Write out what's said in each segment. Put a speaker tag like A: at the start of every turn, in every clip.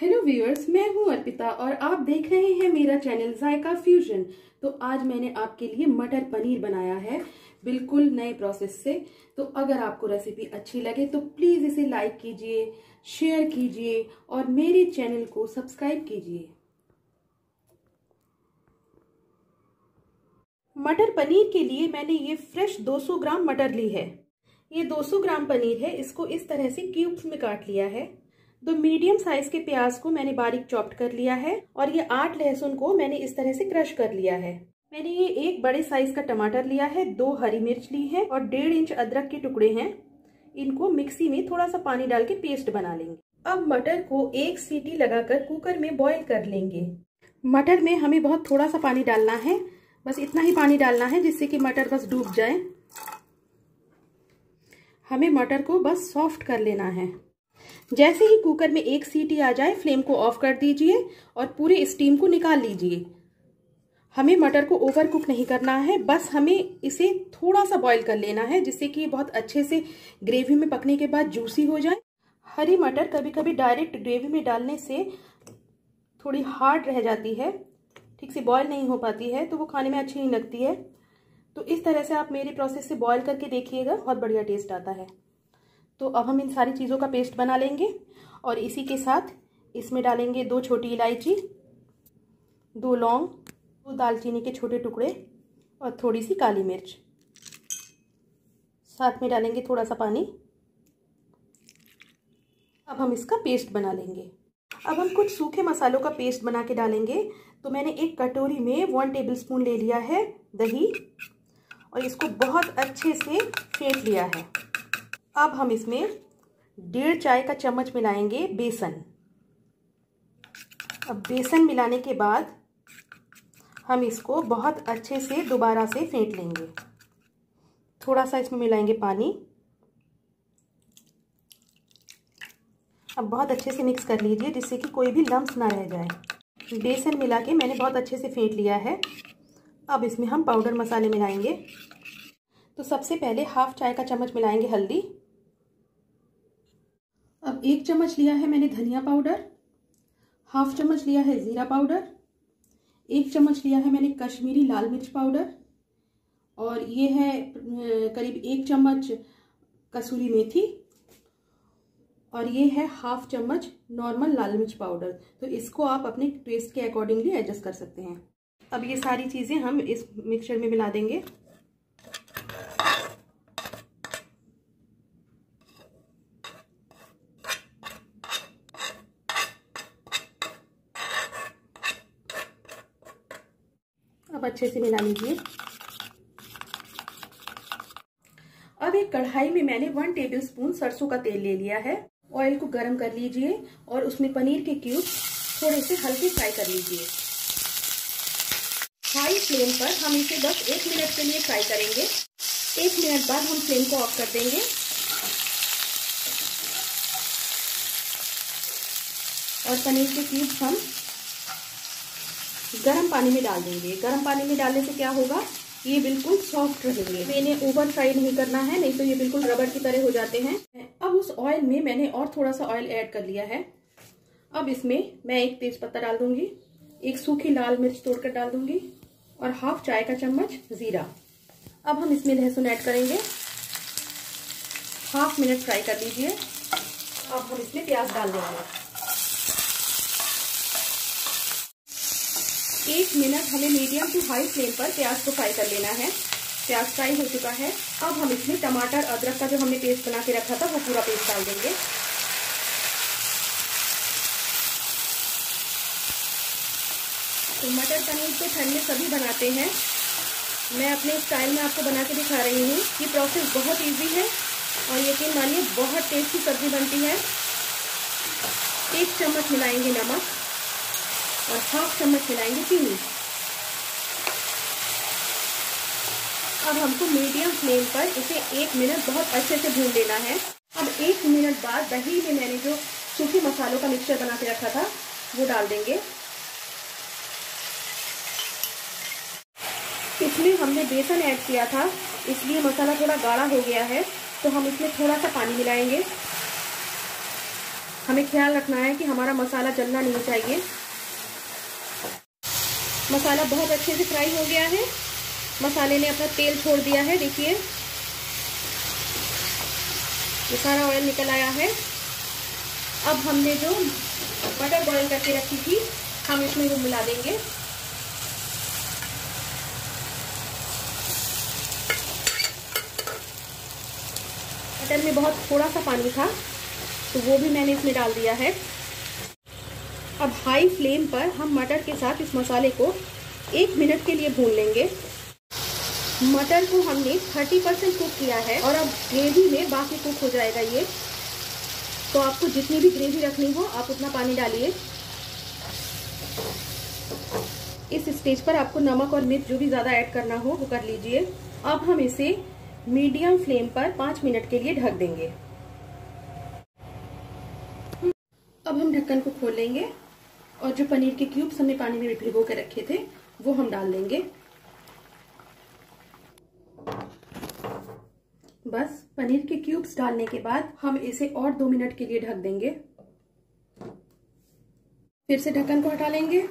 A: hello viewers मैं हूं अर्पिता और आप देख रहे हैं मेरा चैनल जायका फ्यूजन तो आज मैंने आपके लिए मटर पनीर बनाया है बिल्कुल नए प्रोसेस से तो अगर आपको रेसिपी अच्छी लगे तो प्लीज़ इसे लाइक कीजिए शेयर कीजिए और मेरे चैनल को सब्सक्राइब कीजिए मटर पनीर के लिए मैंने ये फ्रेश 200 ग्राम मटर ली है ये 200 ग्राम पनीर है इसको इस तरह से क्यूब्स में काट लिया है दो मीडियम साइज के प्याज को मैंने बारीक चॉप्ट कर लिया है और ये आठ लहसुन को मैंने इस तरह से क्रश कर लिया है मैंने ये एक बड़े साइज का टमाटर लिया है दो हरी मिर्च ली है और डेढ़ इंच अदरक के टुकड़े हैं इनको मिक्सी में थोड़ा सा पानी डाल के पेस्ट बना लेंगे अब मटर को एक सीटी लगाकर कुकर में बॉईल कर लेंगे मटर में हमें बहुत थोड़ा सा पानी डालना है बस इतना ही पानी डालना है जिससे कि मटर बस डूब जाए हमें मटर को बस सॉफ्ट कर लेना है जैसे ही कुकर में एक सीटी आ जाए फ्लेम को ऑफ कर दीजिए और पूरे स्टीम को निकाल लीजिए हमें मटर को ओवर कुक नहीं करना है बस हमें इसे थोड़ा सा बॉईल कर लेना है जिससे कि ये बहुत अच्छे से ग्रेवी में पकने के बाद जूसी हो जाए हरी मटर कभी कभी डायरेक्ट ग्रेवी में डालने से थोड़ी हार्ड रह जाती है ठीक से बॉयल नहीं हो पाती है तो वो खाने में अच्छी नहीं लगती है तो इस तरह से आप मेरे प्रोसेस से बॉयल करके देखिएगा बहुत बढ़िया टेस्ट आता है तो अब हम इन सारी चीज़ों का पेस्ट बना लेंगे और इसी के साथ इसमें डालेंगे दो छोटी इलायची दो लौंग दो दालचीनी के छोटे टुकड़े और थोड़ी सी काली मिर्च साथ में डालेंगे थोड़ा सा पानी अब हम इसका पेस्ट बना लेंगे अब हम कुछ सूखे मसालों का पेस्ट बना के डालेंगे तो मैंने एक कटोरी में वन टेबलस्पून ले लिया है दही और इसको बहुत अच्छे से फेंट लिया है अब हम इसमें डेढ़ चाय का चम्मच मिलाएंगे बेसन अब बेसन मिलाने के बाद हम इसको बहुत अच्छे से दोबारा से फेंट लेंगे थोड़ा सा इसमें मिलाएंगे पानी अब बहुत अच्छे से मिक्स कर लीजिए जिससे कि कोई भी लम्ब ना रह जाए बेसन मिला के मैंने बहुत अच्छे से फेंट लिया है अब इसमें हम पाउडर मसाले मिलाएंगे तो सबसे पहले हाफ चाय का चम्मच मिलाएंगे हल्दी अब एक चम्मच लिया है मैंने धनिया पाउडर हाफ चम्मच लिया है ज़ीरा पाउडर एक चम्मच लिया है मैंने कश्मीरी लाल मिर्च पाउडर और ये है करीब एक चम्मच कसूरी मेथी और ये है हाफ चम्मच नॉर्मल लाल मिर्च पाउडर तो इसको आप अपने टेस्ट के अकॉर्डिंगली एडजस्ट कर सकते हैं अब ये सारी चीज़ें हम इस मिक्सचर में मिला देंगे अब अच्छे से मिला लीजिए अब एक कढ़ाई में मैंने वन टेबल स्पून सरसों का तेल ले लिया है ऑयल को गर्म कर लीजिए और उसमें पनीर के क्यूब थोड़े से हल्के फ्राई कर लीजिए हाई फ्लेम पर हम इसे बस एक मिनट के लिए फ्राई करेंगे एक मिनट बाद हम फ्लेम को ऑफ कर देंगे और पनीर के क्यूब हम गर्म पानी में डाल देंगे गर्म पानी में डालने से क्या होगा ये बिल्कुल सॉफ्ट रहेंगे मैंने ओवर फ्राई नहीं करना है नहीं तो ये बिल्कुल रबर की तरह हो जाते हैं अब उस ऑयल में मैंने और थोड़ा सा ऑयल ऐड कर लिया है अब इसमें मैं एक तेज पत्ता डाल दूंगी एक सूखी लाल मिर्च तोड़कर डाल दूंगी और हाफ चाय का चम्मच जीरा अब हम इसमें लहसुन ऐड करेंगे हाफ मिनट फ्राई कर लीजिए अब हम इसमें प्याज डाल देंगे एक मिनट हमें मीडियम टू हाई फ्लेम पर प्याज को फ्राई कर लेना है प्याज फ्राई हो चुका है अब हम इसमें टमाटर अदरक का जो हमने पेस्ट बना के रखा था वो पूरा पेस्ट डाल देंगे तो मटर पनीर तो ठंड में सभी बनाते हैं मैं अपने स्टाइल में आपको बना के दिखा रही हूँ ये प्रोसेस बहुत इजी है और यकीन मानिए बहुत टेस्टी सब्जी बनती है एक चम्मच मिलाएंगे नमक और हाफ चम्मच मिलाएंगे चीनी अब हमको मीडियम फ्लेम पर इसे एक मिनट बहुत अच्छे से भून लेना है अब एक मिनट बाद दही में मैंने जो सूखे मसालों का मिक्सचर बना के रखा था वो डाल देंगे इसमें हमने बेसन ऐड किया था इसलिए मसाला थोड़ा गाढ़ा हो गया है तो हम इसमें थोड़ा सा पानी मिलाएंगे हमें ख्याल रखना है कि हमारा मसाला जलना नहीं चाहिए मसाला बहुत अच्छे से फ्राई हो गया है मसाले ने अपना तेल छोड़ दिया है देखिए ये सारा ऑयल निकल आया है अब हमने जो मटर बॉयल करके रखी थी हम इसमें वो मिला देंगे मटर में बहुत थोड़ा सा पानी था तो वो भी मैंने इसमें डाल दिया है अब हाई फ्लेम पर हम मटर के साथ इस मसाले को एक मिनट के लिए भून लेंगे मटर को हमने 30 परसेंट कुक किया है और अब ग्रेवी में बाकी कुक हो जाएगा ये तो आपको जितनी भी ग्रेवी रखनी हो आप उतना पानी डालिए इस स्टेज पर आपको नमक और मिर्च जो भी ज़्यादा ऐड करना हो वो कर लीजिए अब हम इसे मीडियम फ्लेम पर पाँच मिनट के लिए ढक देंगे अब हम ढक्कन को खोलेंगे और जो पनीर के क्यूब्स हमने पानी में भिगो के रखे थे वो हम डाल देंगे बस पनीर के क्यूब्स डालने के बाद हम इसे और दो मिनट के लिए ढक देंगे फिर से ढक्कन को हटा लेंगे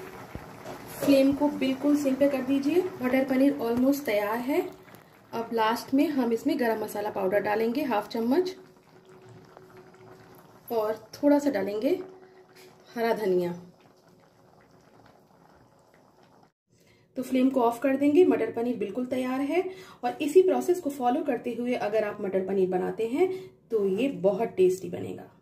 A: फ्लेम को बिल्कुल सिम पे कर दीजिए बटर पनीर ऑलमोस्ट तैयार है अब लास्ट में हम इसमें गरम मसाला पाउडर डालेंगे हाफ चम्मच और थोड़ा सा डालेंगे हरा धनिया तो फ्लेम को ऑफ कर देंगे मटर पनीर बिल्कुल तैयार है और इसी प्रोसेस को फॉलो करते हुए अगर आप मटर पनीर बनाते हैं तो ये बहुत टेस्टी बनेगा